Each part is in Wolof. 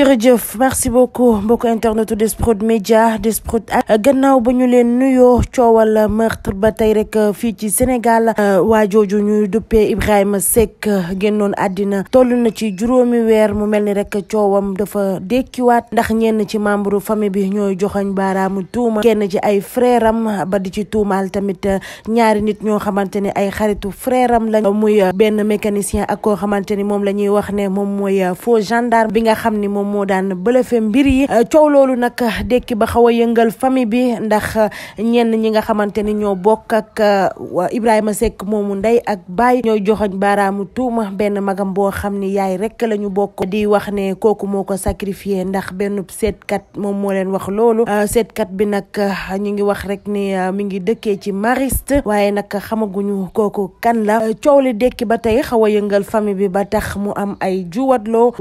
jërëjëf merci beaucoup mbokk internetu des prod média des prod gannaaw ba ñu leen nuyoo coowal meurtre ba tey rek fii ci Sénégal waa jooju ñuy duppee Ibrahima Seck génnoon àddina toll na ci juróomi weer mu mel ni rek coowam dafa dékkiwaat ndax ñenn ci membre famille bi ñooy joxoñ baaraamu tuuma kenn ci ay frère ba di ci tuumaal tamit ñaari nit ñoo xamante ne ay xaritu frère am lañ muy benn mécanicien ak koo xamante ni moom la ñuy wax ne moom mooy faux gendarme bi moom moo daan bëlëfe mbir yi euh, coow loolu nag dékki ba xaw a yëngal famille bi ndax ñenn ñi nga xamante ni ñoo bokk ak euh, Ibrahima Seck moomu ndey ak baay ñooy joxoñ baaraamu tuuma benn magam boo xam ni yaay rek la ñu bokk di wax ne kooku moo ko sacrifié ndax benn seetkat moom moo leen wax loolu euh, seetkat bi nag ñu ngi wax rek ni mu ngi dëkkee ci Mariste waaye nag xamaguñu kooku kan la coow li dékki ba tey xaw a yëngal famille bi ba tax mu am ay juwatloo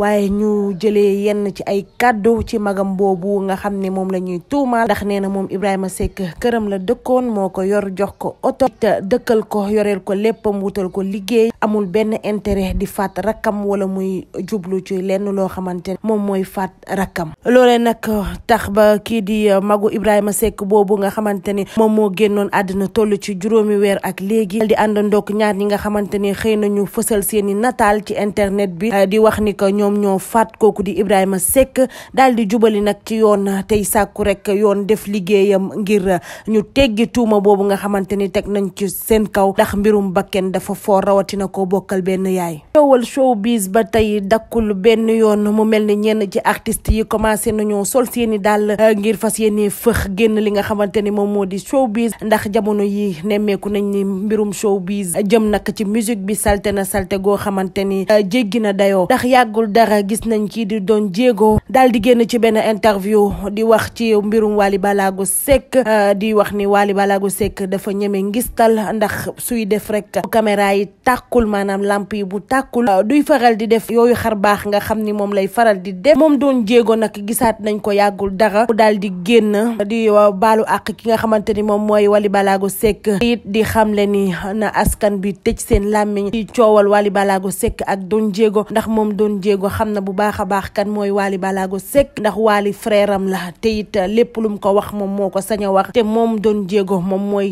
na ci ay kàddu ci magam boobu nga xam ni moom la ñuy tuumaal ndax nee na moom Ibrahima Seck këram la dëkkoon moo ko yor jox ko oto dëkkal ko yoreel ko léppam wutal ko liggéey amul benn intérêt di faat rakkam wala muy jublu ci lenn loo xamante moom mooy faat rakkam loolee nag euh, tax ba kii di euh, magu Ibrahima sekk boobu nga xamante ni moom moo génnoon àddina toll ci juróomi weer ak léegi di àndandoog ñaar ñi nga xamante ni xëy nañu fësal seeni nataal ci internet bi euh, di wax ni que ñoom ñoo faat kooku di Ibrahima Seck daal di jubali nag ci yoon tey sàkku rek yoon def liggéeyam ngir ñu teggi tuuma boobu nga xamante ni teg nañ ci seen kaw ndax mbirum bakken dafa foor rawatina ko bokkal benn yaay. coowal showbiz ba tey dakkul benn yoon mu mel ni ñenn ci artistes yi commencé nañoo sol seeni i euh, ngir fas yéene fëx génn li nga xamante ni moom moo di showbiz ndax jamono yi nemmeeku nañ ni mbirum showbiz jëm nag ci musique bi salte na salte goo xamante ni euh, jéggi na dayoo ndax yàggul dara gis nañ ci di doon jéego daal di génn ci benn interview di wax ci mbirum Wally Ballago Seck euh, di wax ni Wally Ballago Seck dafa ñeme ngistal ndax tàkkul maanaam lamp yi bu tàkkul duy faral di def yooyu xar baax nga xam ni moom lay faral di def moom doon jéego nag gisaat nañ ko yàggul dara mu daal di génn di baalu àq ki nga xamante ni moom mooy Wally Ballago Seck it di xamle ni na askan bi tëj seen làmmiñ di coowal Wally Ballago Seck ak doon jéego ndax moom doon jéego xam na bu baax a baax kan mooy Wally Ballago Seck ndax Wally frère am la te it lu ko wax moo ko sañ a moom doon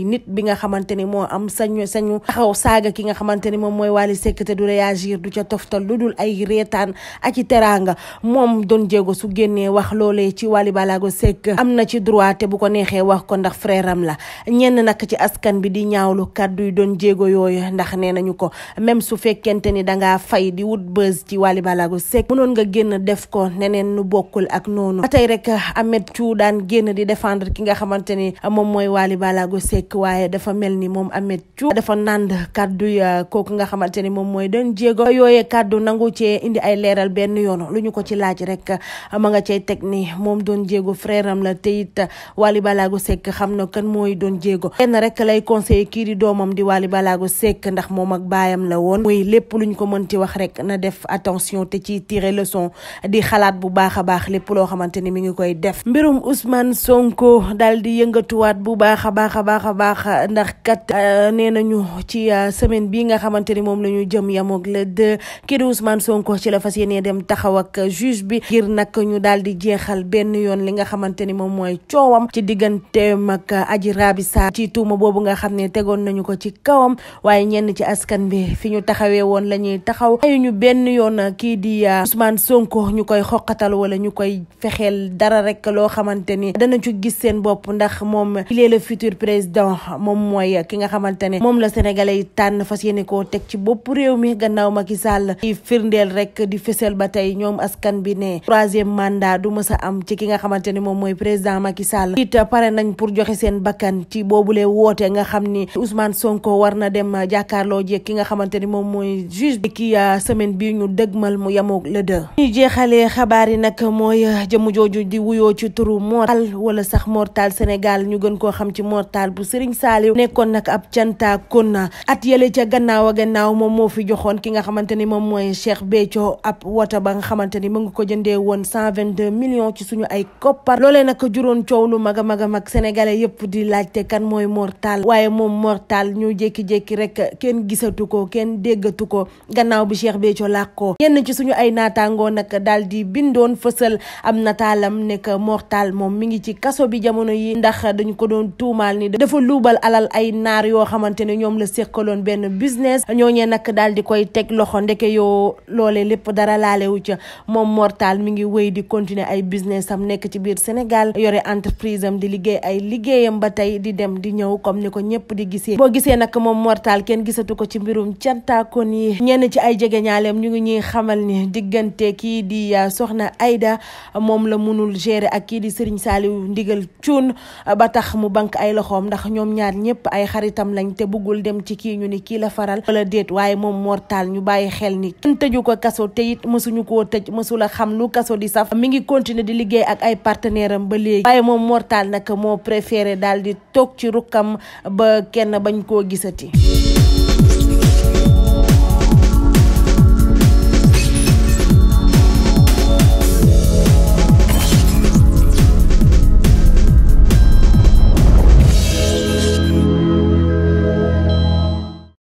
nit bi nga xamante ni am sañu sañu ki nga xamante moom mooy Wally Seck te du réagir du ca toftal lu dul ay reetaan ak ci teraanga moom doon Diego su génnee wax loole ci Wally Balago sekk am na ci droit te bu ko neexee wax ko ndax frère la ñenn nag ci askan bi di ñaawlu kàddu yi Don Diego yooyu ndax nee nañu ko même su fekkente ni dangaa fay di wut buzz ci Wally Balago Seck mënoon nga génn def ko neneen nu bokkul ak noonu tey rek Ameth Thiou daan génn di defendre ki nga xamante ni moom mooy Wally Balago Seck waaye dafa mel ni moom Ameth Thiou xamante ni moom mooy doon jéego yooyee kàddu nangu cee indi ay leeral benn yoon lu ñu ko ci laaj rek ma nga cay teg ni moom doon jéego frère am la te it Wally Ballago Seck xam na kan mooy doon jéego kenn rek lay conseillé kii di doomam di Wally Ballago Seck ndax moom ak baayam la woon muy lépp lu ñu ko mën ci wax rek na def attention te ci tirer leçon di xalaat bu baax a baax lépp loo xamante ni mu ngi koy def mbirum Ousmane Sonko daal di yëngatuwaat bu baax a baax a baax a baax ndax kat nee nañu ci euh, ni moom la ñu jëm yamoog le deux kii di Ousmane Sonko ci la fas yéenee dem taxaw ak juge bi ngir nag ñu daal di jeexal benn yoon li nga xamante ni moom mooy coowam ci digganteem ak Adji Raby Sarr ci tuuma boobu nga xam ne tegoon nañu ko ci kawam waaye ñenn ci askan bi fi ñu taxawee woon la ñuy taxaw ayu ñu benn yoon kii di uh, Ousmane Sonko ñu koy xoqatal wala ñu koy fexeel dara rek loo xamante ni dana ci gis seen bopp ndax moom il est le futur président moom mooy ki nga xamante ne moom la sénégalais yi tànn fas yéene koo teg ci bopp réew mi gannaaw Macky Sall di firndeel rek di fësal ba tey ñoom askan bi ne troisième mandat du mës a am ci ki nga xamante ni moom mooy président Macky Sall it pare nañ pour joxe seen bakkan ci boobule woote nga xam ni Ousmane Sonko war na dem jàkkaarloo jeeg ki nga xamante ni moom mooy juge bi ki euh, semaine bi ñu dëgmal mu yemoog le deux ñu jeexalee xabaar yi nag mooy euh, jëmu jooju di wuyoo ci turu Mortal wala sax Mortal Sénégal ñu gën koo xam ci Mortal bu Serigne Saliou nekkoon nag ab cantaakoon ginnaaw moom moo fi joxoon ki nga xamante ni moom mooy Cheikh Béthio ab wota ba nga xamante ni mu ngi ko jëndee woon cent vingt-deux millions ci suñu ay koppar loolee nag juróon coow lu mag a mag a mag sénégalais yëpp di laajte kan mooy Mor Tall waaye moom Mor Tall ñu jékki-jékki rek kenn gisatu ko kenn déggatu ko gannaaw bi Cheikh Béthio làkkoo kenn ci suñu ay naataangoo nag daal di bindoon fësal am nataalam nekk Mor Tall moom mu ngi ci kaso bi jamono yi ndax dañu ko doon tuumaal ni dafa luubal ay naar yoo xamante ne ñoom la ñooñee nag daal di koy teg loxo ndeke yoo loolee lépp dara laalewu ca moom mortal mu ngi wéy di continuer ay business am nekk ci biir Sénégal yore entreprise am di liggéey ay liggéeyam ba tey di dem di ñëw comme ni ko ñëpp di gisee boo gisee nag moom mortal kenn gisatu ko ci mbirum ko nii ñenn ci ay jege ñaaleem ñu ngi ñuy xamal ni diggante kii di uh, soxna ayda uh, moom la munul gérer ak kii di Serigne Saliou ndigal cuun uh, ba tax mu bank ay loxoom ndax ñoom ñaar ñëpp ay xaritam lañ te buggul dem ci kii ñu ni kii la faral déet waaye moom mortal ñu bàyyi xel ni kenn tëju ko kaso teyit it mësuñu koo tëj mësula xam lu kaso di saf mu ngi continuer di liggéey ak ay partenaire am ba léegi waaye moom mortal nag moo préféré daal di toog ci rukkam ba kenn bañ koo gisati